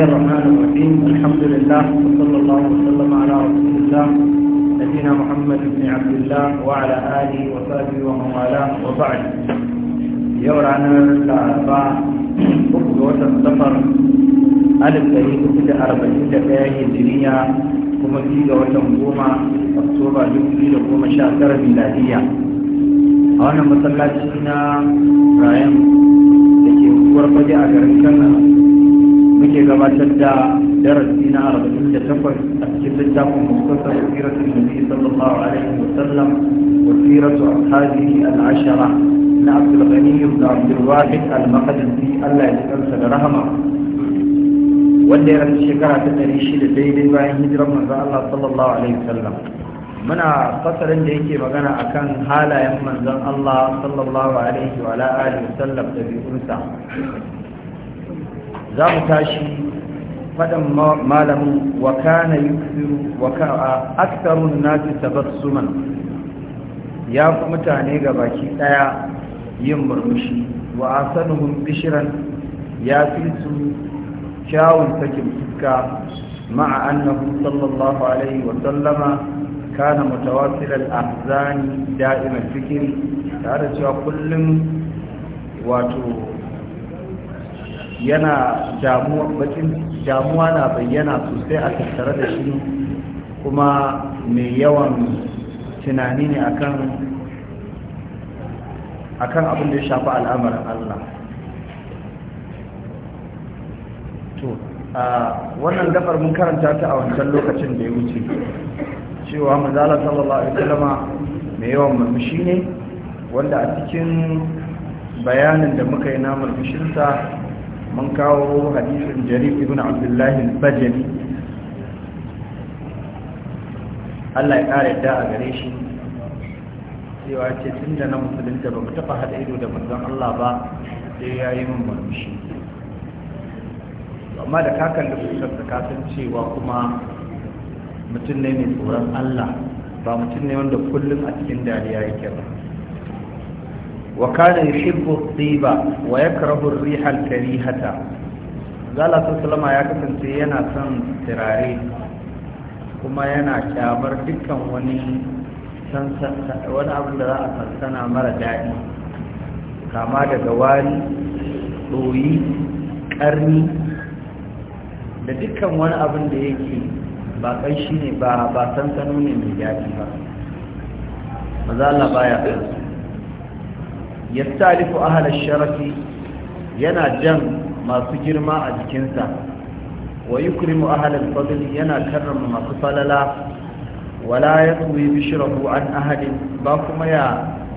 الله الرحمن الرحيم الحمد لله وصلى الله وسلم على رسول الله نبينا محمد بن عبد الله وعلى آله وصحبه ومن والاه وبعد يورانا الأربعاء أخوة السفر ألف تاريخ في أربعين دقيقة هجرية كما في دوله مقومة أكتوبر يوم لقوم شاكره ميلادية أنا مسلاتنا رايم ابراهيم ke kuwar muke gabatar da darasi na arba'in da takwas a cikin littafin musulman siratu nabi sallallahu alaihi wa sallam wa siratu ashabihi al-ashara na abdul da abdul wahid al-maqdisi Allah ya kansa da rahama wanda ya rasu shekara ta ɗari shida daidai bayan hijirar manzo Allah sallallahu alaihi wa sallam muna fasarin da yake magana akan halayen manzon Allah sallallahu alaihi wa alihi wa sallam da bi'unsa za mu tashi faɗin malamin wa kana yufiru wa ka'a aktarun nasi tabassuman ya fi mutane ga baki ɗaya yin murmushi wa asanuhum bishiran ya fi su kyawun sakin fuska ma'a annahu sallallahu alaihi wa sallama kana mutawassil al-ahzani da'im al tare cewa kullum wato yana damuwa bakin na bayyana sosai a tattare da shi kuma mai yawan tunani ne akan akan abin da ya shafa al'amarin Allah to a wannan gafar mun karanta ta a wancan lokacin da ya wuce cewa mazala sallallahu alaihi wasallama mai yawan murmushi ne wanda a cikin bayanin da muka yi na murmushinsa mun kawo hadisin jarir ibn abdullah al-bajali Allah ya kare da a gare shi cewa ce tun da na musulunta ba mu taɓa haɗa ido da manzon Allah ba sai ya yi min murmushi amma da kakan da fuskar ta kasan kuma mutum ne mai tsoron Allah ba mutum ne wanda kullum a cikin dariya yake ba waƙar el-shin ko tsiva waya karɓar riƙar gari hata? maza lafasalama ya kasance yana son turare kuma yana ƙyamar dukkan wani abin da za a sansana mara daɗi kama daga ƙawari ɗoyi ƙarni da dukkan wani abin da ya ke ba ƙanshi ne ba sansanoni mai gafi ba maza la baya ba. yastalifu ahalar sharafi yana jan masu girma a jikinsa wa yukrimu ahal fadli yana karrama masu falala wala ya tsuwi bishirahu an ahalin, ba kuma ya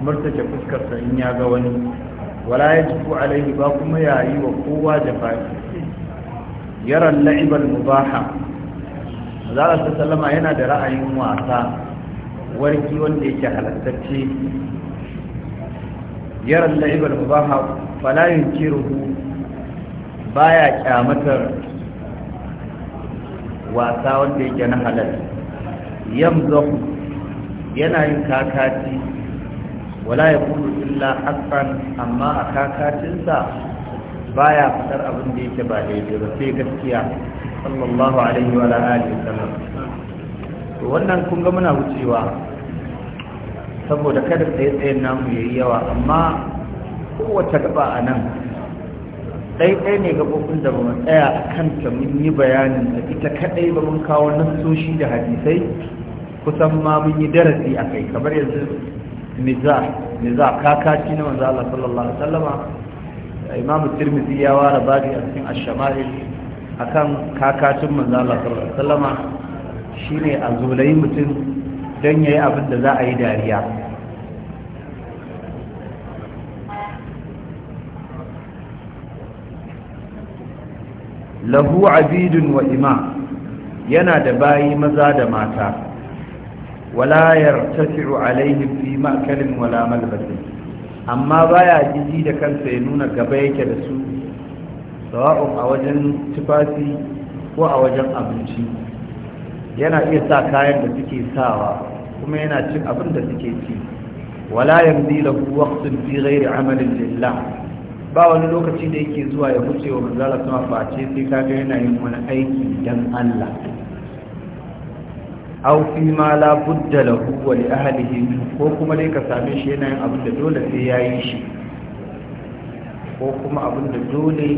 murtace fuskarsa in ya ga wani wala ya alaihi ba kuma ya yi wa kowa jafafi yaran la'ibar mubaha za a sallama yana da ra'ayin wasa warki wanda yake halattacce yara la'ibar mubaha falayin kiruhu baya kyamatar wasa wanda yake na halal yamzahu yana yin kakati wala ya kudu illa hasan amma a kakatinsa baya fitar abin da yake ba daidai ba sai gaskiya sallallahu alaihi wa alihi wasallam to wannan kun ga muna wucewa saboda kada tsaye-tsayen namu ya yi yawa amma kowace gaba a nan ɗaiɗai ne gaɓoɓin da ba mu tsaya a kanta mun yi bayanin da ita kaɗai ba mun kawo nassoshi da hadisai kusan ma mun yi darasi a kai kamar yanzu a kakaci na manzo Allah sallallahu alaihi wasallama imamu tirmidhi ya ware babi a cikin ash-shama'il akan kakacin manzo Allah sallallahu alaihi wasallama shine a zulayi mutum don ya yi abin da za a yi dariya lahu abidun wa ima yana da bayi maza da mata wala yartafi'u alaihim fi ma'kalin wala malbasin amma baya jiji da kansa ya nuna gaba yake da su sawa'un a wajen tufafi ko a wajen abinci yana iya sa kayan da suke sawa kuma yana cin abin da suke ci wala yamdi lahu waqtun fi ghairi amalin lillah ba wani lokaci da yake zuwa ya huce wa manzala sama face sai ga yana yin wani aiki dan Allah aw fi ma la budda lahu wa li ahlihi ko kuma dai ka same shi yana yin abin da dole sai yayi shi ko kuma abin da dole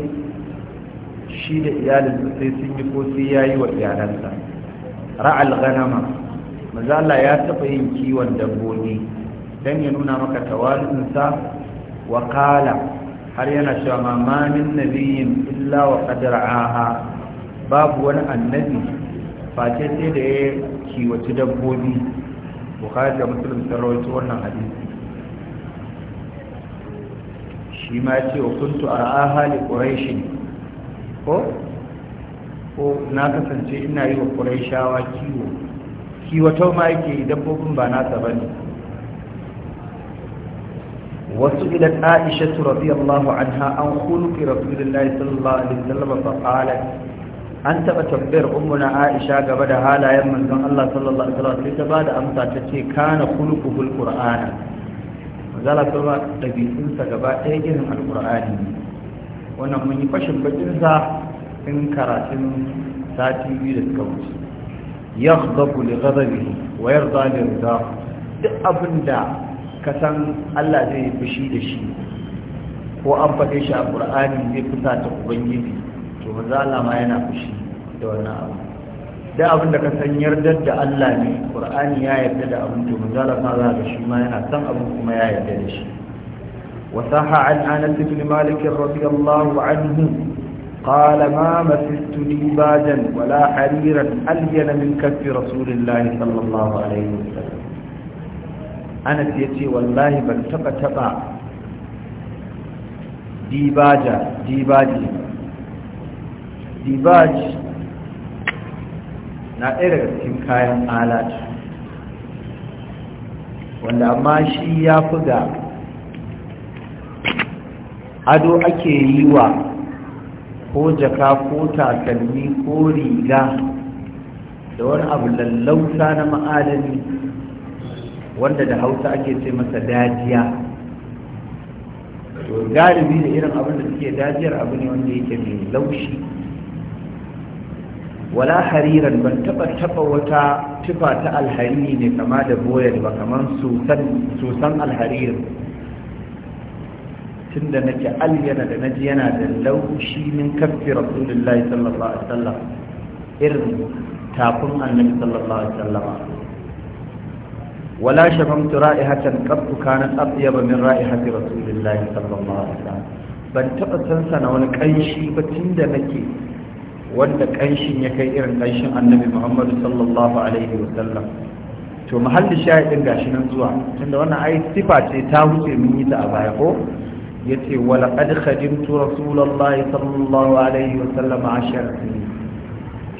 shi da iyalinsa sai sun yi ko sai yi wa iyalansa ra'al ghanama mazala ya taɓa yin kiwon dabbobi dan ya nuna maka tawalinsa wa kala har yana cewa ma nabiyin illa wa qad babu wani annabi face sai da ya kiwaci dabbobi bukhari da musulun sun wannan hadisi shi ma ce wa kuntu ar'aha li ƙurashi ko na kasance ina yi wa ƙurashawa kiwo kiwato ma yake dabbobin ba nasa bane wasu ila aisha radiyallahu anha an khuluqi rasulullahi sallallahu alaihi wasallam fa qalat an taba tabbayar ummuna aisha gaba da halayen manzon Allah sallallahu alaihi wasallam sai ta bada amsa ta ce kana khuluquhul qur'ana zala kuma dabi'un sa gaba ɗaya irin alqur'ani wannan mun yi fashin bakin sa in karatun sati biyu da suka wuce yaghdabu li ghadabihi wa wayar li ridha duk abinda ka san Allah zai fushi da shi ko an faɗe shi a Qur'ani zai fusa ta ubangiji to manzo Allah ma yana fushi da wannan abu duk abinda ka san yardar da Allah ne ƙur'ani ya yarda da abin to manzo Allah ma za ga shi ma yana san abin kuma ya yarda da shi وصح عن انس بن مالك رضي الله عنه قال ما مسست ديباجا ولا حريرا ألين من كف رسول الله صلى الله عليه وسلم أنا سيتي والله بل تبا تبا ديباجا ديباجي ديباج na ɗaya daga cikin kayan alat wanda amma shi ya fi ga ado ake yi wa ko jaka ko takalmi ko riga da wani abu lallauta na ma'adani wanda da hausa ake ce masa dajiya to galibi da irin abin da suke dajiyar abu ne wanda yake mai laushi wala hariran ban taba taba wata tufa ta alhari ne kama da boyar ba kamar susan alharirin tun da nake aliyana da naji yana da laushi min kaffi rasulullahi sallallahu alaihi wasallam irin tafin annabi sallallahu alaihi wasallama wala shamamtu ra'ihatan qattu kanat atyaba min ra'ihati rasulillahi sallallahu alaihi wasallam ban taba sansa na wani kanshi ba tunda da nake wanda kanshin ya kai irin kanshin annabi muhammadu sallallahu alaihi wasallam to mahallin shahidin gashi nan zuwa tunda wannan ai sifa ce ta wuce mun yi ta a baya ko yace wala qad khadimtu rasulullahi sallallahu alaihi wasallam ashar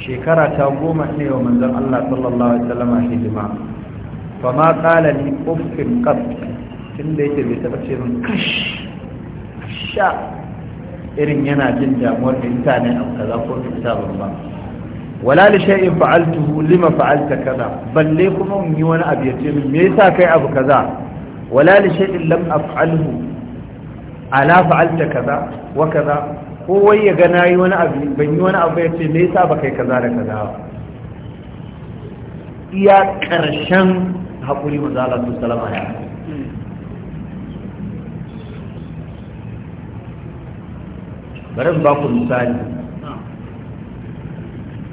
shekara ta goma ne wa manzon Allah sallallahu alaihi wasallam hidima fama qala li uffin qat tunda yake bai taba ce min kash sha irin yana jin damuwar da mutane a kaza ko kitabun ba wala li shay'in fa'altuhu lima fa'alta kaza balle kuma mun yi wani abu yace min me yasa kai abu kaza wala li shay'in lam af'alhu ala fa'alta kaza wa kaza ko wai ya ga nayi wani abu ban yi wani abu ya ce me yasa ba kai kaza da kaza ba iya karshen haƙuri manzo Allah sallallahu alaihi wasallam bari ba ku misali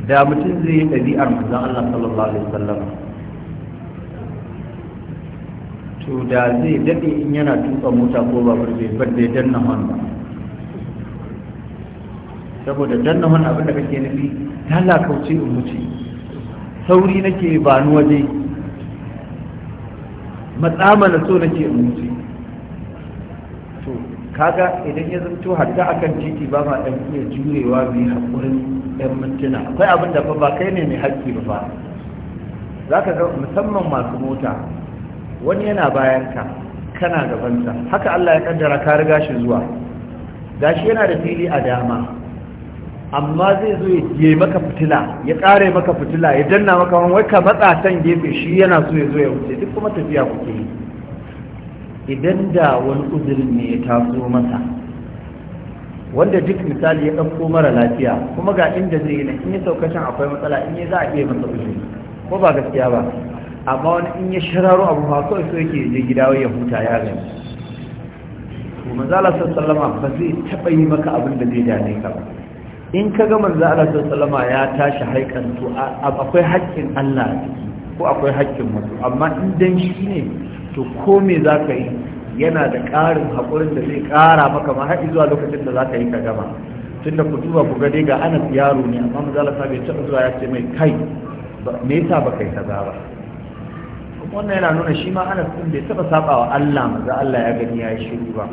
da mutum zai yi ɗabi'ar manzon Allah sallallahu alaihi wasallam to da zai daɗe in yana tuka mota ko babur zai fadde da danna hon ba saboda danna hon abin da kake nufi tala kauce in wuce sauri nake ba ni waje na so nake in wuce to kaga idan ya zanto hatta akan titi ba ma ɗan iya jurewa mai haƙurin ɗan mintuna akwai abin da ba kai ne mai haƙƙi ba za ka ga musamman masu mota wani yana bayanka kana gabansa haka Allah ya kaddara ka riga shi zuwa gashi yana da fili a dama amma zai zo ya yi maka fitila ya kare maka fitila ya danna maka wani wai ka matsa san gefe shi yana so ya zo ya wuce duk kuma tafiya kuke yi idan da wani uzurin ne ya taso masa wanda duk misali ya ɗauko mara lafiya kuma ga inda zai yi in ya sauka can akwai matsala in ya za a iya masa uzuri ko ba gaskiya ba amma wani in ya shararo abu ba kawai so yake je gida ya huta ya gani to manzo Allah sallallahu ba zai taba yi maka abin da zai dane ka ba in ka za manzo Allah sallallahu ya tashi haikan to akwai haƙƙin Allah ko akwai haƙƙin mutum amma in dan shi ne to ko me zaka yi yana da ƙarin haƙurin da zai ƙara maka ma har zuwa lokacin da zaka yi ka gama tunda ku duba ku ga dai ga Anas yaro ne amma manzo Allah bai taɓa zuwa ya ce mai kai me yasa baka yi kaza ba wannan yana nuna shi ma anas din bai taba saba wa Allah maza Allah ya gani ya yi shiru ba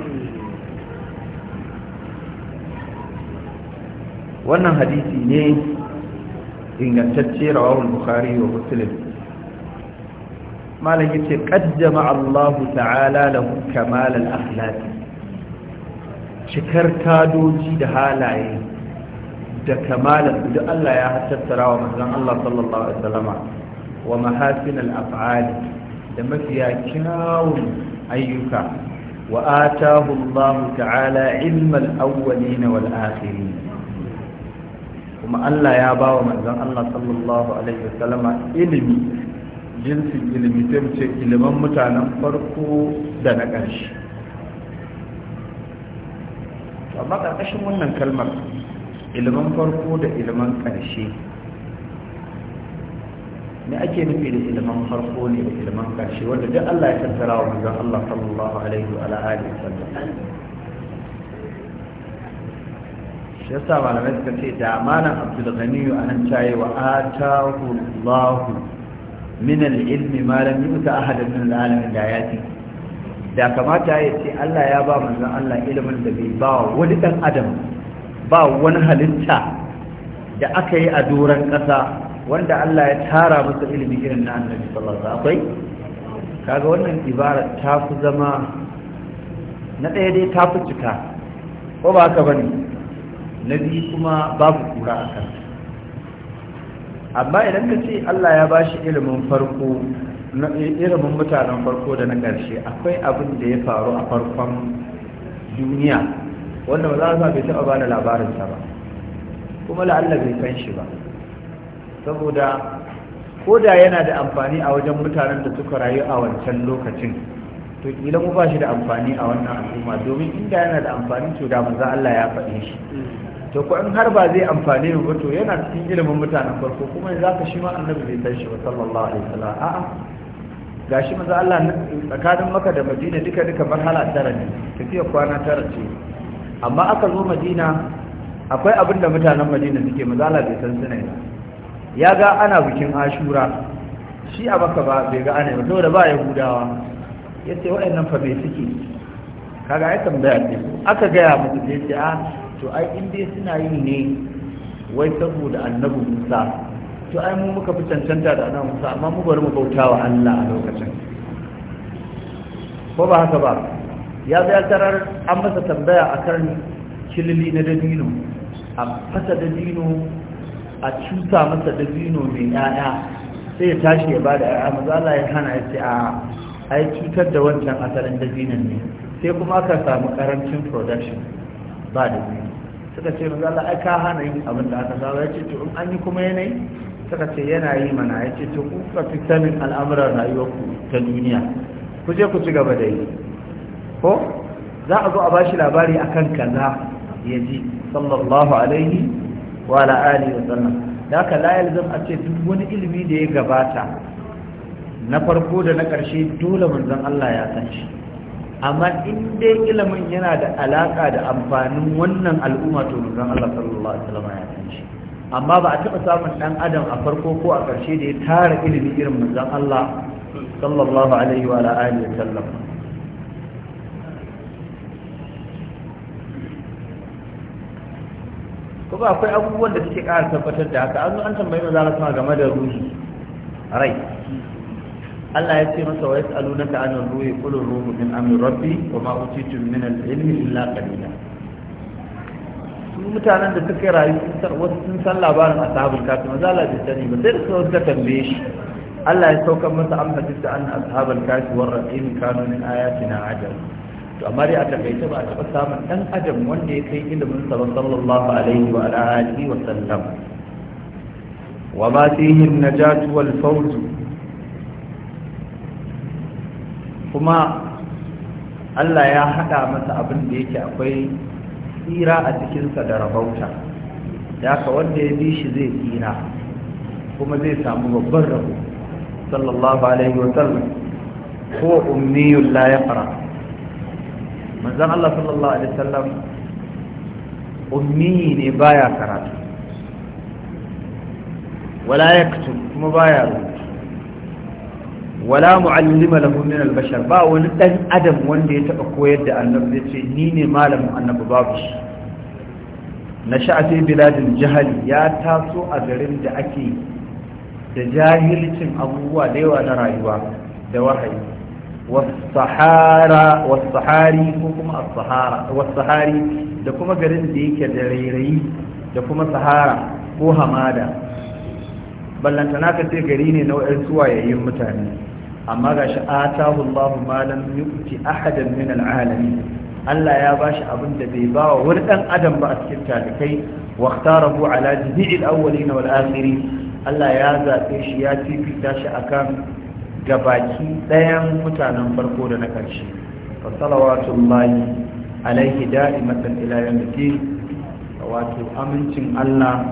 wannan hadisi ne ingantacce rawahul bukhari wa muslim malam yace qaddama Allah ta'ala lahu kamal al-akhlaq cikar kadoji da halaye da kamalan da Allah ya tattara wa manzon Allah sallallahu alaihi wasallama wa mahasin al'af'ali da mafiya kyawun ayyuka wa atahu Allah ta'ala ilmal awwalina wal akhirin kuma Allah ya ba wa manzon Allah sallallahu alaihi wasallama ilimi jinsin ilimi ta mu ce ilimin mutanen farko da na ƙarshe amma ƙarƙashin wannan kalmar ilimin farko da ilimin ƙarshe me ake nufi da ilimin farko ne da ilimin karshe wanda duk Allah ya tattara wa manzon Allah sallallahu alaihi wa alihi shi yasa malamai suka ce da malam Abdul Ghani a nan tayi wa atahu Allah min al-ilmi ma lam yuta ahadan min al-alamin da yati da kamata ya ce Allah ya ba manzon Allah ilimin da bai ba wani dan adam ba wani halitta da aka yi a doron ƙasa wanda Allah ya tara masa ilimi irin na annabi sallallahu alaihi wasallam kaga wannan ibara ta fi zama na ɗaya dai ta fi cika ko ba haka bane na biyu kuma babu kura a kan amma idan ka ce Allah ya bashi ilimin farko na ilimin mutanen farko da na ƙarshe akwai abin da ya faru a farkon duniya wanda ba za a bai taɓa ba da labarinsa ba kuma la'alla bai kan shi ba saboda koda yana da amfani a wajen mutanen da suka rayu a wancan lokacin to kila mu ba shi da amfani a wannan al'umma domin inda yana da amfani to da manzo Allah ya faɗe shi to ko in har ba zai amfane mu ba to yana cikin ilimin mutanen farko kuma za ka shi ma annabi zai san shi wa sallallahu alaihi wasallam a'a gashi maza Allah tsakanin maka da Madina duka duka marhala tara ne tafiya kwana tara ce amma aka zo Madina akwai abin da mutanen Madina suke maza Allah bai san su ne ba ya ga ana bikin ashura shi a maka ba bai ga ana da ba yahudawa ya ce waɗannan fa bai suke kaga ai tambaya ce aka gaya musu ya ce a ah, to ai in dai suna yi ne wai saboda annabi musa to ai mu muka fi cancanta da annabi musa amma mu bari mu bautawa allah a lokacin ko ba haka ba ya zai tarar an masa tambaya akan kilili na dadino a fasa dadino a cuta masa dabino mai yaya sai ya tashi ya ba da yaya maza Allah ya hana ya ce a ai cutar da wancan asalin dabinan ne sai kuma aka samu karancin production ba da dabino suka ce maza Allah ai ka hana yin abin da aka saba ya ce to in an yi kuma yanayi suka ce yana yi mana ya ce to kuka fi sanin al'amuran rayuwarku ta duniya ku je ku ci gaba da yi ko za a zo a bashi labari akan kaza ya ji sallallahu alaihi wa ali alihi wa sallam da haka la yalzam a ce duk wani ilimi da ya gabata na farko da na ƙarshe dole manzon Allah ya san shi amma in dai ilimin yana da alaka da amfanin wannan al'umma to manzon Allah sallallahu alaihi wasallam ya san shi amma ba a taɓa samun ɗan adam a farko ko a ƙarshe da ya tara ilimi irin manzon Allah sallallahu alaihi wa alihi wasallam ba akwai abubuwan da suke ƙara tabbatar da haka an an tambayi maza Allah sama game da ruhi rai Allah ya ce masa wa yas'alunaka an ruhi qul ruhu min amri rabbi wa ma utitu min al-ilmi illa qalila mutanen da suka rayu wasu sun san labarin ashabul kafi maza Allah bai sani ba sai su suka tambaye shi Allah ya saukar masa amsa ta an ashabul kafi war rahim kanu min ayatina ajab to amma dai a takaice ba a taɓa samun ɗan adam wanda ya kai ilimin sa sallallahu alaihi wa alihi wa sallam wa ma fihi an-najat wal fawz kuma Allah ya haɗa masa abin da yake akwai tsira a cikinsa da rabauta da ka wanda ya bi shi zai tsira kuma zai samu babban rabo sallallahu alaihi wa sallam ko ummiyun la yaqra manzan Allah sallallahu alaihi wasallam ummi ne baya karatu wala yaktub kuma baya rubutu wala mu'allima lahu min al-bashar ba wani dan adam wanda ya taba koyar da annabi ce ni ne malamin annabi babu shi nasha'a fi biladin jahali ya taso a garin da ake da jahilcin abubuwa da yawa na rayuwa da wahayi wasahari da kuma garin da yake da rairayi da kuma sahara ko hamada ballantana ka ce gari ne na wa'ansu wayayin mutane amma ga shi atahu Allahu ma lam yu'ti ahadan min al'alami Allah ya bashi abin da bai ba wa wani dan adam ba a cikin talikai wa ala ala jibi'il awwalin wal akhirin Allah ya zaɓe shi ya fifita shi akan ga baki ɗayan mutanen farko da na ƙarshe fa salawatullahi alaihi da'imatan ila yawmiddin wato amincin Allah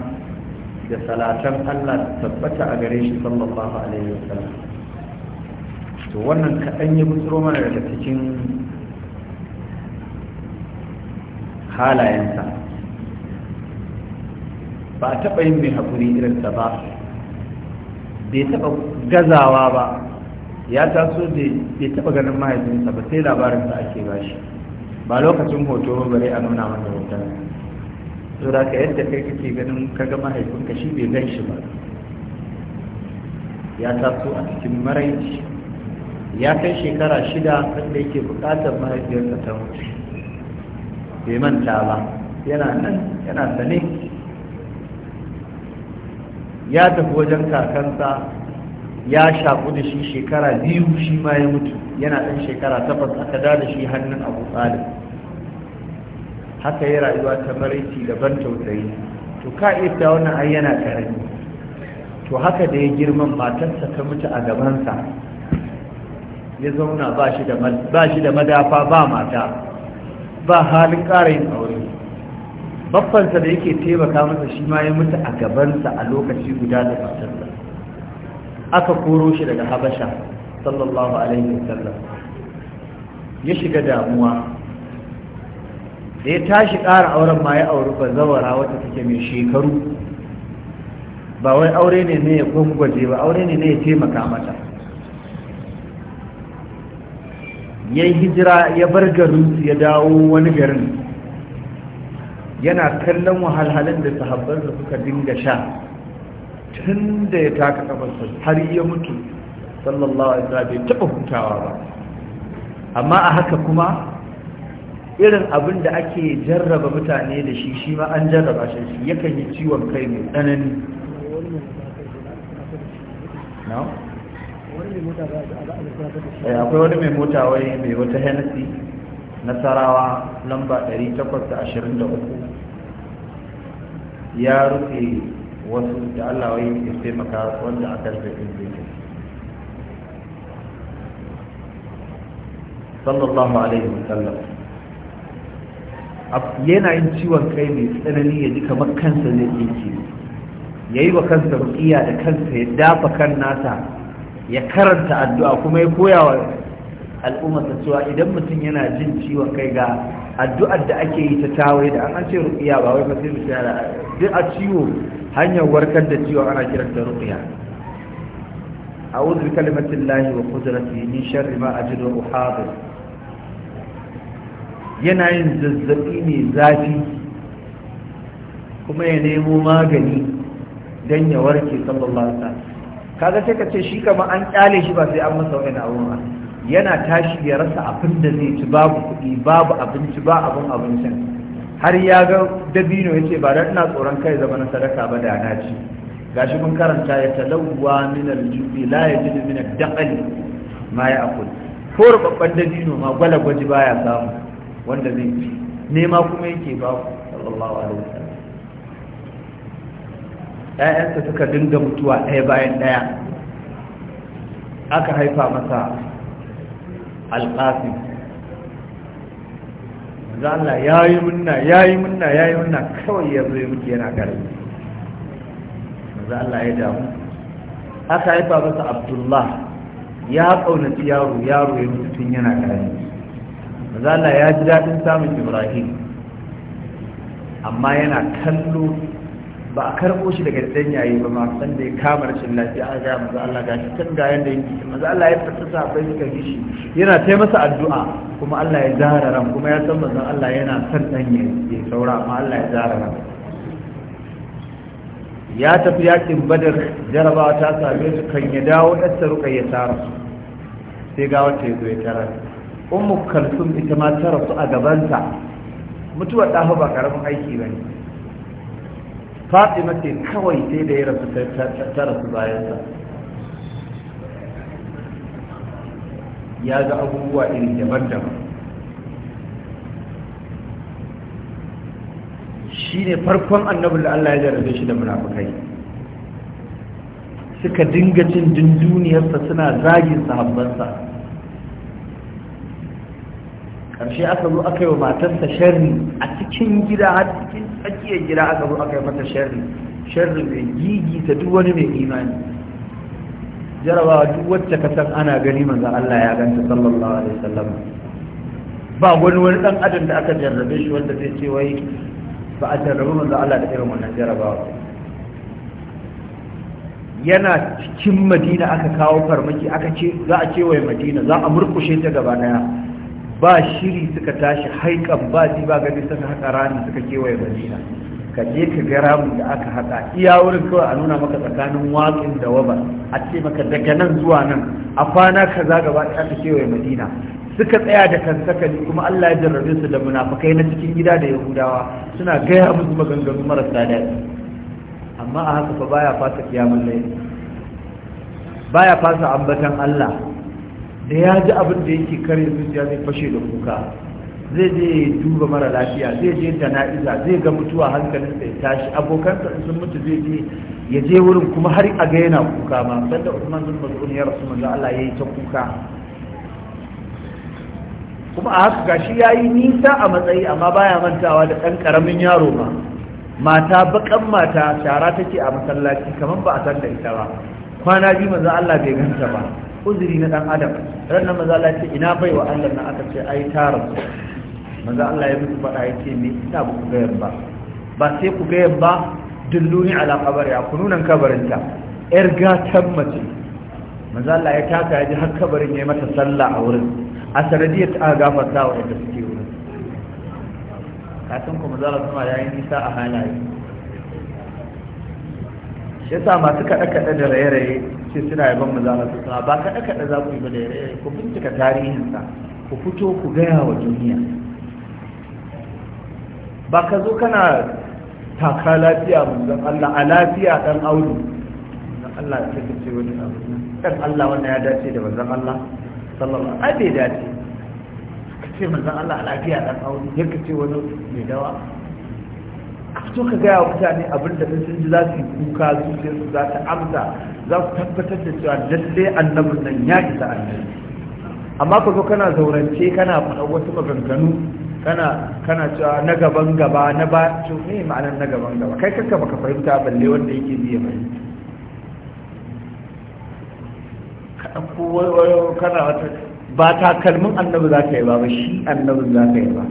da salatan Allah tabbata a gare shi sallallahu alaihi wasallam to wannan kaɗan ya buturo mana daga cikin halayensa ba a taɓa yin mai haƙuri irinsa ba bai taɓa gazawa ba ya taso ya taba ganin mahaifinsa ba sai labarin da ake shi ba lokacin hoto ba bare a nuna masa hoton to da ka yadda kai kake ganin kaga mahaifinka shi bai gan shi ba ya taso a cikin maraici ya kai shekara shida wanda yake bukatar mahaifiyarsa ta mutu bai manta ba yana nan yana sane ya tafi wajen kakansa ya shaku da shi shekara biyu shi ma ya mutu yana ɗan shekara takwas aka da da shi hannun abu tsalin haka ya rayuwa ta maraici daban tausayi to ka iya wannan ai yana karami to haka da ya girman matarsa ta mutu a gabansa ya zauna ba shi da madafa ba mata ba halin ƙara yin aure babbansa da yake taimaka masa shi ma ya mutu a gabansa a lokaci guda da matarsa aka koro shi daga habasha sallallahu alaihi wasallam ya shiga damuwa da ya tashi ƙara auren ma ya auri ba zawara wata take mai shekaru ba wai aure ne ne ya gwaje ba aure ne ne ya taimaka mata ya yi hijira ya bar garin ya dawo wani garin yana kallon wahalhalin da sahabbansa suka dinga sha tun da ya taka kamarsa har ya mutu sallallahu alaihi wasallam bai taba hutawa ba amma a haka kuma irin abin da ake jarraba mutane da shi shi ma an jarraba shi shi yakan yi ciwon kai mai tsanani eh, akwai wani mai mota wai mai wata hennessy nasarawa lamba 823 ya rufe wasu da Allah wai ya taimaka wanda aka rufe din zai sallallahu alaihi wasallam yana yin ciwon kai mai tsanani ya ji kamar kansa zai tsinke ya yi wa kansa rukiya da kansa ya dafa kan nata, ya karanta addu'a kuma ya koya wa al'ummarsa cewa idan mutum yana jin ciwon kai ga addu'ar da ake yi ta tawaye da an ce rukiya ba wai fasir da duk a ciwo hanyar warkar da ciwo ana kiranta ruqya a'udhu bi kalimatin lahi wa qudratihi min sharri ma ajidu wa uhadir yana yin zazzabi ne zafi kuma ya nemo magani dan ya warke sallallahu alaihi wasallam kaga sai ka ce shi kamar an kyale shi ba sai an masa wani abu ba yana tashi ya rasa abin da zai ci babu kuɗi babu abinci ba abin abincin har ya ga dabino yace ba da ina tsoron kai zama na sadaka ba da na ci gashi mun karanta ya talawwa min aljubi la yajidu min ad daqal ma ya akul ko rubabban dabino ma gwaji baya samu wanda zai ci nema kuma yake ba sallallahu alaihi wasallam ta suka dinga mutuwa ɗaya bayan ɗaya aka haifa masa al-qasim za Allah ya yi munna ya yi munna ya yi munna kawai ya zo ya muke yana ƙarfi za Allah ya damu aka haifa masa abdullah ya ƙaunaci yaro yaro ya mutu tun yana ƙarfi za Allah ya ji daɗin samun ibrahim amma yana kallo ba a karɓo shi daga dan yayi ba ma san da ya kama rashin lafiya a ga maza Allah ga shi tun ga yanda yake maza Allah ya fata bai suka ji shi yana ta masa addu'a kuma Allah ya zara ran kuma ya san maza Allah yana san dan ya saura amma Allah ya zara ran ya tafi yakin badar jarabawa ta same su kan ya dawo ɗarsa ruka ya tara su sai ga wata ya zo ya tara ummu kalsum ita ma tara su a gabanta mutuwar ɗahu ba karamin aiki ba ne fatima ce kawai sai da ya rasu ta rasu bayansa ya ga abubuwa iri daban-daban shi ne farkon annabin da Allah ya jarabe shi da munafukai suka dinga cin dinduniyarsa suna zagin sahabbansa ƙarshe aka zo aka yi wa matarsa sharri a cikin gida har cikin tsakiyar gida aka zo aka yi mata sharri sharri mai gigita duk wani mai imani jarabawa duk wacce ka san ana gani manzon Allah ya ganta sallallahu alaihi wasallam ba wani wani dan adam da aka jarrabe shi wanda zai ce wai ba a jarrabe manzon Allah da irin wannan jarabawa yana cikin madina aka kawo farmaki aka ce za a ce kewaye madina za a murkushe ta gaba daya ba shiri suka tashi haikan ba ji ba gani suka haka rani suka kewaye madina ka je ka ga ramin da aka haka iya wurin kawai a nuna maka tsakanin waƙin da waba a ce maka daga nan zuwa nan a kwana kaza gaba ɗaya ta kewaye madina suka tsaya da kansakali kuma Allah ya jarrabe su da munafukai na cikin gida da yahudawa suna gaya musu maganganu marasa daɗi amma a haka fa baya fasa kiyamun laifi baya fasa ambatan Allah da ya ji abin da yake kare zuciya zai fashe da kuka zai je duba mara lafiya zai je jana'iza zai ga mutuwa hankalin da ya tashi abokansa sun mutu zai je ya je wurin kuma har a ga yana kuka ma sanda Usman bin Mas'ud ya rasu manzo Allah yayi ta kuka kuma a haka gashi yayi nisa a matsayi amma baya mantawa da ɗan karamin yaro ma mata bakan mata shara take a masallaci kamar ba a san da ita ba kwana biyu manzo Allah bai ganta ba uzuri na dan adam ranar maza Allah ce ina bai wa Allah na aka ce ai tarin maza Allah ya mutu faɗa ya ce me ina ku ga yamba ba sai ku ga yamba dulluni ala kabari a kununan kabarinta yar gatan mace maza Allah ya taka ya ji har kabarin ya yi mata sallah a wurin a sanadiyar ta gafarta wa da suke wurin ku maza zala suna yayin nisa a halaye shi yasa masu kaɗe-kaɗe da raye-raye ce suna yaban mu masu suna ba kaɗe-kaɗe za ku yi ba da raye-raye ku bincika tarihinsa ku fito ku gaya wa duniya ba ka zo kana taka lafiya manzan Allah a lafiya dan audu manzan Allah ta kace wani abu dan Allah wannan ya dace da manzon Allah sallallahu alaihi wasallam bai dace ka ce manzan Allah a lafiya dan audu yake ce wani mai dawa to ka gaya wa mutane abin da sun ji za su kuka su za ta amsa za ku tabbatar da cewa lalle annabin nan ya isa annabi amma ka zo kana zaurance kana faɗa wasu maganganu kana kana cewa na gaban gaba na ba to me ma'anar na gaban gaba kai kanka baka fahimta balle wanda yake biye mai kana wata ba takalmin annabi za ka yi ba ba shi annabin za ka yi ba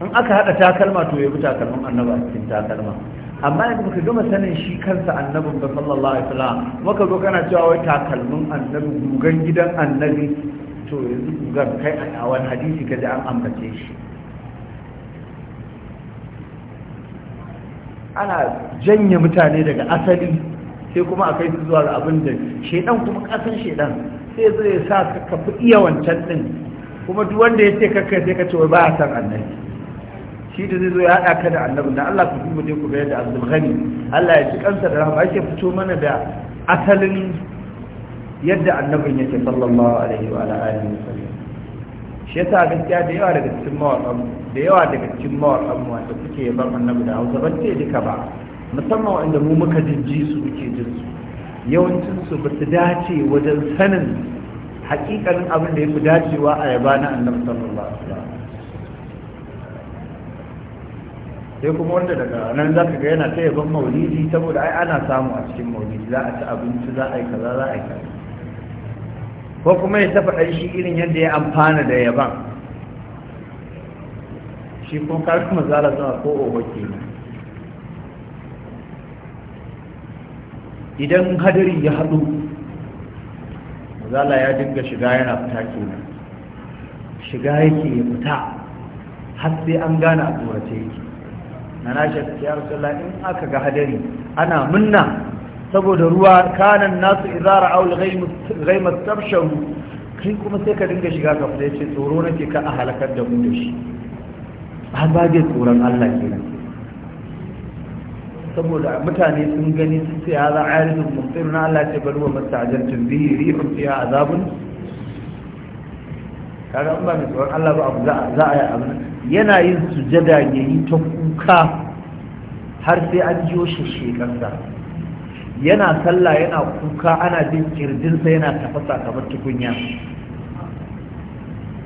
in aka haɗa takalma to ya takalman takalmin annaba a cikin takalma amma yanzu ka gama sanin shi kansa annabin ba sallallahu alaihi wasallam maka zo kana cewa wai takalmin annabi gugan gidan annabi to yanzu gugan kai a wani hadisi kaji an ambace shi ana janye mutane daga asali sai kuma a kai su zuwa ga abin da shedan kuma kasan shedan sai zai sa ka kafi iya wancan din kuma duk wanda ya ce kakka sai ka ce wai ba san annabi shi da zai zo ya haɗa ka da annabin da Allah ku fi mu je ku bayar da Abdul Ghani Allah ya ci kansa da rahama yake fito mana da asalin yadda annabin yake sallallahu alaihi wa alihi wa sallam shi yasa gaskiya da yawa daga cikin mawaƙan da yawa daga cikin mawaƙan mu da suke yaban annabi da Hausa ban ce duka ba musamman wanda mu muka jinji su muke jin su yawancin su ba su dace wajen sanin haƙiƙanin abin da ya fi dacewa a yaba na annabi sallallahu alaihi wa sallam sai kuma wanda daga nan za ka ga yana ta yaban maulidi saboda ai ana samu a cikin maulidi za a ci abinci za a yi kaza za a yi kaza ko kuma ya tafa ɗan shi irin yadda ya amfana da yaban shi ko kuma Zala suna ko oho ke idan hadari ya haɗu Zala ya dinga shiga yana fita ke shiga yake ya fita har sai an gane a tsorace yake na nashi ya rasulullah in aka ga hadari ana munna saboda ruwa kanan nasu izara aul ghaimat tabshahu kai kuma sai ka dinga shiga ka fita ce tsoro nake ka a halakar da mu da shi an bage tsoron Allah nan saboda mutane sun gani sun ya za a yi na Allah ce bari wa mastajantin bihi rihun fiya azabun kaga in ba mai tsoron Allah ba abu za a yi abu yana yin sujada ya yi ta kuka har sai an jiyo shi shekarsa yana sallah yana kuka ana jin kirjinsa yana tafasa kamar tukunya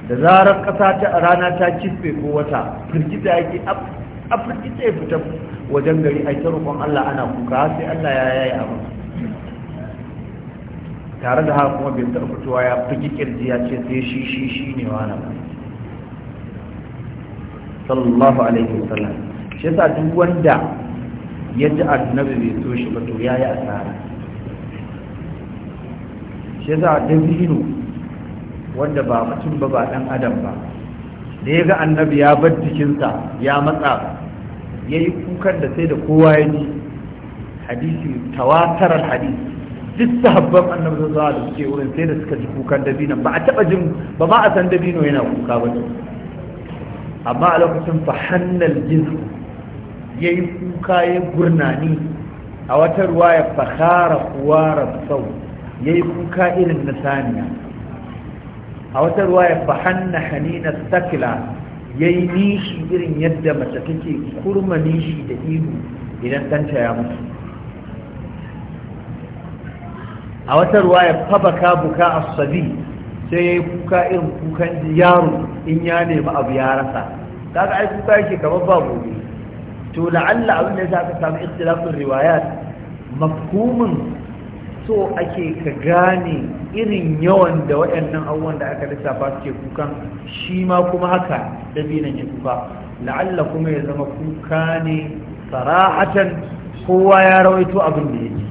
da zarar ƙasa ta rana ta cife ko wata firgita yake a firgita ya fita wajen gari a ta roƙon Allah ana kuka sai Allah ya yi abu tare da haka kuma bai taɓa fitowa ya fi kirji ya ce sai shi shi shi ne wani ba sallallahu alaihi wasallam shi yasa duk wanda ya ji annabi bai so shi ba to ya yi asara shi yasa dabino wanda ba mutum ba ba ɗan adam ba da ya ga annabi ya bar jikinsa ya matsa ya yi kukan da sai da kowa ya ji hadisi tawatarar hadisi duk sahabban annabi sallallahu alaihi wasallam wurin sai da suka ji kukan dabino ba a taba jin ba ma a san dabino yana kuka ba amma a lokacin fa hannal ya yayi kuka ya gurnani a wata ruwaya fa khara kuwara sau yayi kuka irin na saniya a wata ruwa ya fahanna hanina ya yi nishi irin yadda mace take kurma nishi da ihu idan tanta ya mutu a wata ruwaya fabaka buka asabi sai ya yi kuka irin kukan yaro in ya nemi abu ya rasa kaga ai kuka yake kamar ba gobe to la'alla abin da ya aka samu ikhtilafin riwayat makumin so ake ka gane irin yawan da waɗannan abubuwan da aka lissafa suke kukan shi ma kuma haka dabinan ya kuka la'alla kuma ya zama kuka ne sarahatan kowa ya rawaito abin da yake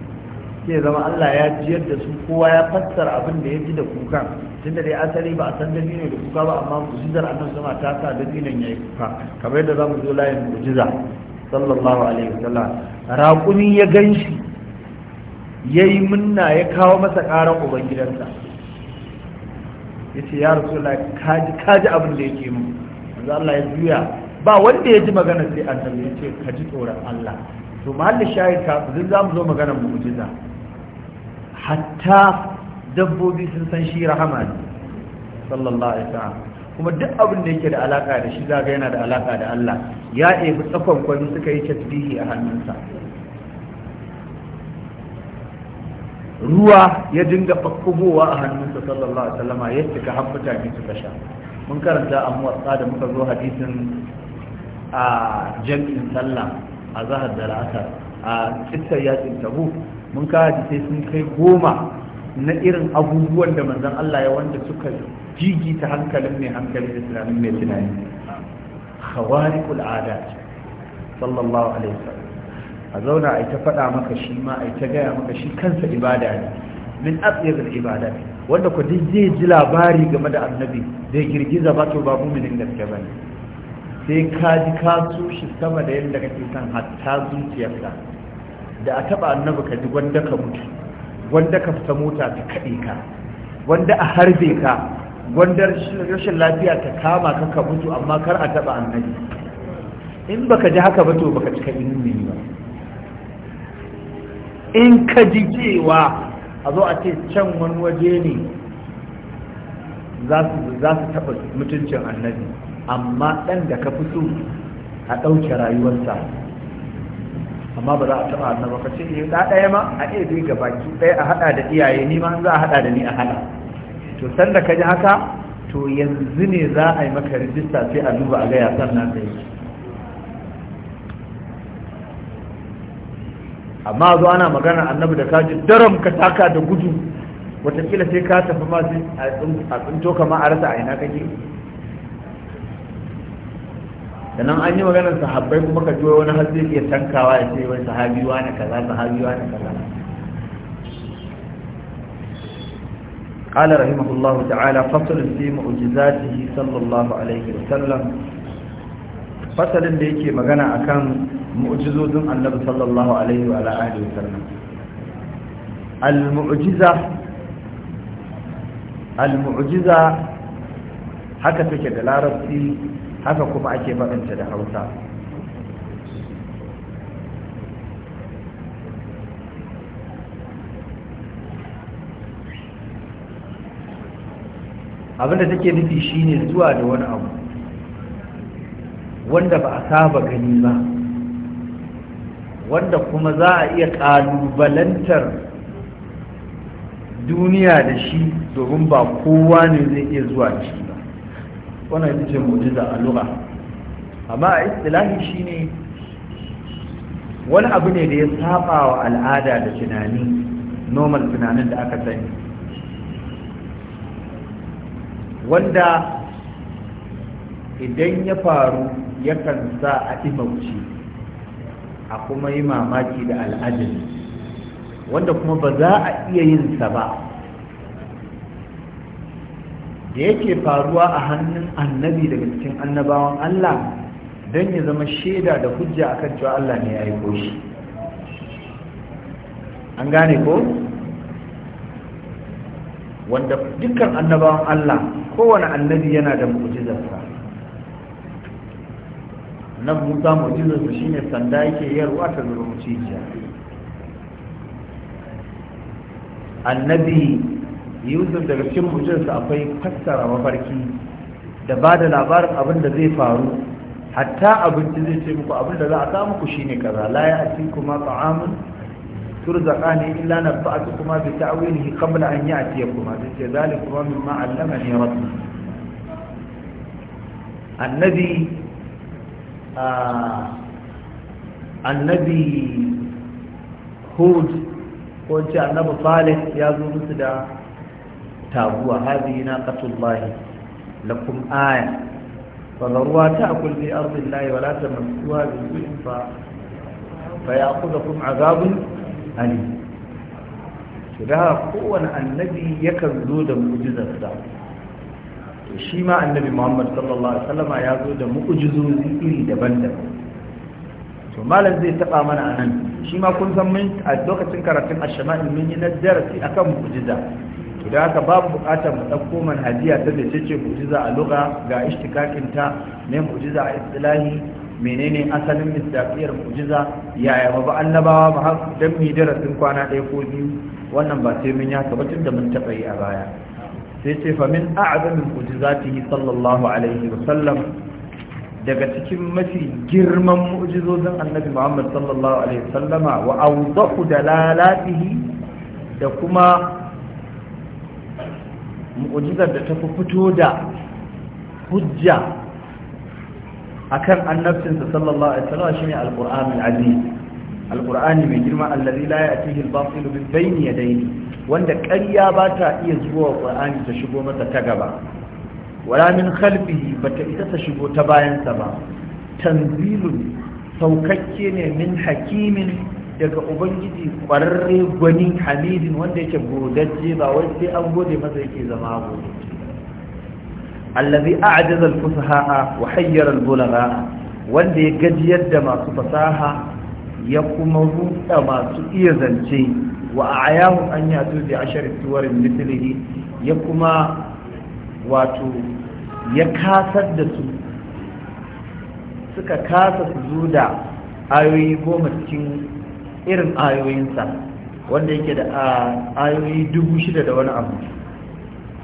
sai zama Allah ya jiyar da su kowa ya fassara abin da ya ji da kuka tunda dai asali ba a san dalilin da kuka ba amma mu'jizar annan sama ta sa ya yayi kuka kamar yadda zamu zo layin mu'jiza sallallahu alaihi wasallam raƙumi ya ganshi yayi munna ya kawo masa ƙaran ubangidansa yace ya rasulullah kaji kaji abin da yake mu manzo Allah ya juya ba wanda ya ji magana sai annabi yace kaji tsoron Allah to mahallin shahid kafin za mu zo magana mu'jiza hatta dabbobi sun san shi rahama ne sallallahu alaihi wasallam kuma duk abin da yake da alaka da shi zaga yana da alaka da Allah ya ɗebi tsakon kwani suka yi tasbihi a hannunsa ruwa ya dinga fakkubowa a hannunsa sallallahu alaihi wasallam ya cika har mutane suka sha mun karanta a muwatsa da muka zo hadisin a jami'in sallah a zahar da la'asar a tsitsar yakin tabu mun ka hadisai sun kai goma na irin abubuwan da manzon Allah ya wanda suka jigita hankalin mai hankalin islamin mai tunani khawariqul adat sallallahu alaihi wasallam a zauna a ta faɗa maka shi ma a ta gaya maka shi kansa ibada ne min atsiyar ibada wanda ku duk zai ji labari game da annabi zai girgiza ba to ba muminin gaske ba ne sai ka ji ka tushe sama da yadda kake san hatta zuciyarka da a taba annabi ka ji wanda ka mutu wanda ka fita mota ta kaɗe ka wanda a harbe ka wanda rashin lafiya ta kama ka ka mutu amma kar a taba annabi in baka ji haka ba to baka cika ilimi ba in ka ji cewa a zo a ce can wani waje ne za su taɓa mutuncin annabi amma ɗan da ka fi so a ɗauke rayuwarsa amma ba za a taba annaba ba ce eh da ɗaya ma a iya bi ga baki ɗaya a haɗa da iyaye ni ma za a haɗa da ni a hana to sanda ka ji haka to yanzu ne za a yi maka rijista sai a duba a gaya sannan da yake amma zo ana magana annabi da kaji daram ka taka da gudu watakila sai ka tafi ma a tsinto kama a rasa a ina kake nan an yi maganar sahabbai kuma ka jiwo wani har zai iya tankawa ya ce wai sahabi wani kaza sahabi wani kaza قال رحمه الله تعالى فصل في معجزاته صلى الله عليه وسلم فصل da yake magana akan mu'jizozin Annabi sallallahu alaihi wa alihi wasallam al-mu'jiza al-mu'jiza haka take da larabci haka kuma ake faɗinta da hausa abinda take nufi shine zuwa da wani abu wanda ba a saba gani ba wanda kuma za a iya ƙalubalantar duniya da shi domin ba kowa ne zai iya zuwa ciki ba wannan ita ce mu'jiza a lura amma a istilahi ne wani abu ne da ya saba wa al'ada da tunani normal tunanin da aka sani wanda idan ya faru yakan sa a imauci a kuma yi mamaki da al'adun, wanda kuma ba za a iya yin sa ba da yake faruwa a hannun annabi daga cikin annabawan Allah don ya zama shaida da hujja kan cewa Allah ne ya yi shi an gane ko wanda dukkan annabawan Allah kowane annabi yana da mu'jizarsa na Musa mu'jizarsa shine sanda yake yarwa ta mucijiya. annabi yusuf daga cikin mutunsa akwai fassara mafarki da ba da labarin abin da zai faru hatta abinci zai ce muku abin da za a samu ku shine kaza la ya ati kuma ta'amun turzaqani illa nabatu kuma bi ta'wilihi qabla an ya'tiyakuma zai ce ma mimma 'allamani rabbi annabi annabi hud ko ce annabi salih ya zo musu da تابوا هذه ناقة الله لكم آية فذروا تأكل في أرض الله ولا تمسوها بسوء ف... فيأخذكم عذاب أليم لا قوان النبي يكن زود مؤجزة شيما النبي محمد صلى الله عليه وسلم يا زود مؤجزة إلي دبندا ثم لا زي تقامنا أنا شيما كنت من أدوك تنكر تنكر الشمال من ينزر في أكم مؤجزة da haka babu bukatar mu ɗauko manhajiya ta da ce mu'jiza a lugha ga ishtikakin ta ne mu'jiza a istilahi menene asalin mistaqiyar mu'jiza yaya ba annabawa ba har dan mi darasin kwana ɗaya ko biyu wannan ba sai mun ya tabbatar da mun yi a baya sai ce fa min a'zami mu'jizatihi sallallahu alaihi wa sallam daga cikin mafi girman mu'jizozin annabi Muhammad sallallahu alaihi wa sallama wa awdahu dalalatihi da kuma mu'ujizar da ta fito da hujja akan annabcinsa sallallahu alaihi wasallam shine alqur'anul aziz alqur'ani mai girma allazi la ya'tihi al-batil min bayni yadayhi wanda ƙarya ba ta iya zuwa qur'ani ta shigo masa ta gaba wala min khalfihi bata ita ta shigo ta bayansa ba tanzilun saukakke ne min hakimin daga ubangiji kwararre gwani hamidin wanda yake godajje ba wai sai an gode masa yake zama gode allazi a'jaza al-fusaha wa hayyara al-bulagha wanda ya gajiyar da masu fasaha ya kuma ruɗa masu iya zance wa a'yahu an yatu bi ashar tuwarin mithlihi ya kuma wato ya kasar da su suka kasa su zo da ayoyi goma cikin irin ayoyinsa wanda yake da ayoyi dubu shida da wani abu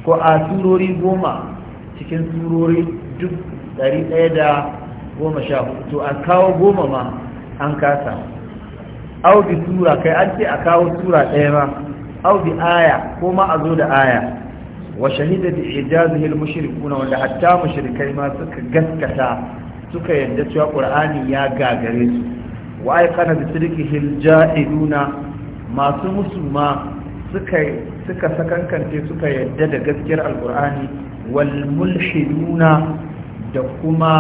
ko a surori goma cikin surori duk dari daya da goma sha to an kawo goma ma an kasa audi sura kai an ce a kawo sura ɗaya ma audi aya ko ma a zo da aya wa shahida da ijazihi al-mushrikuna wanda hatta mushrikai ma suka gaskata suka yarda cewa qur'ani ya gagare su wa aikana da shirkihil ja'iduna masu musulma suka suka sakankance suka yadda da gaskiyar alkur'ani wal mulhiduna da kuma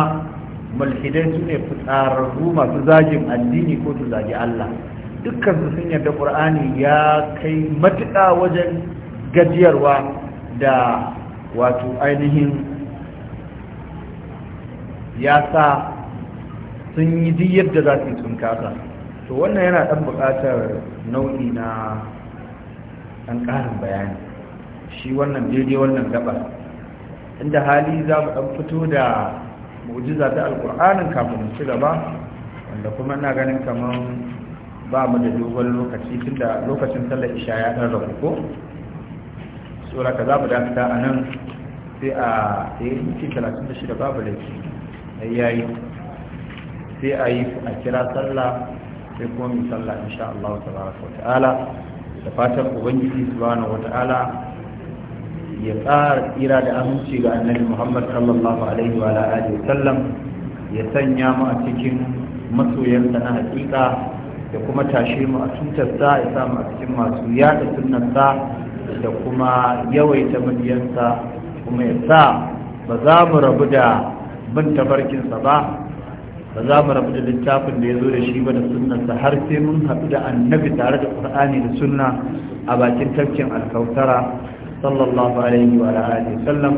mulhidai su ne fitsararru masu zagin addini ko su zagi Allah dukkan su sun yadda qur'ani ya kai matuƙa wajen gajiyarwa da wato ainihin ya sa sun yi duk yadda za su sun kasa to wannan yana ɗan buƙatar nau'i na ɗan ƙarin bayani shi wannan daidai wannan gaba inda hali za mu ɗan fito da mu'jiza ta alƙur'anin kafin mu ci gaba wanda kuma ina ganin kamar ba mu da dogon lokaci tunda lokacin sallar isha ya ɗan rabu ko tsora ka za mu dakata a nan sai a 36 eh, da shida babu laifi yi. sai a yi a kira sallah sai kuma mu sallah insha Allah tabaraka wa ta'ala da fatan ubangiji subhanahu wa ta'ala ya tsara tsira da aminci ga annabi Muhammad sallallahu alaihi wa alihi sallam ya sanya mu a cikin masoyansa na hakika da kuma tashe mu a tutarsa ya sa mu a cikin masu yada sa da kuma yawaita mabiyansa kuma ya sa ba za mu rabu da bin tabarkinsa ba ba za mu rabu da littafin da ya zo da shi ba da sunnarsa har sai mun haɗu da annabi tare da qur'ani da sunna a bakin tafkin alkautara sallallahu alaihi wa alihi sallam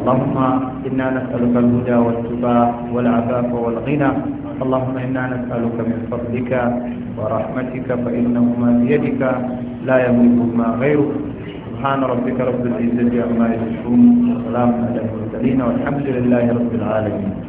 اللهم إنا نسألك الهدى والتقى والعفاف والغنى اللهم إنا نسألك من فضلك ورحمتك فإنهما بيدك لا يملكهما غيرك سبحان ربك رب العزة عما يصفون وسلام على المرسلين والحمد لله رب العالمين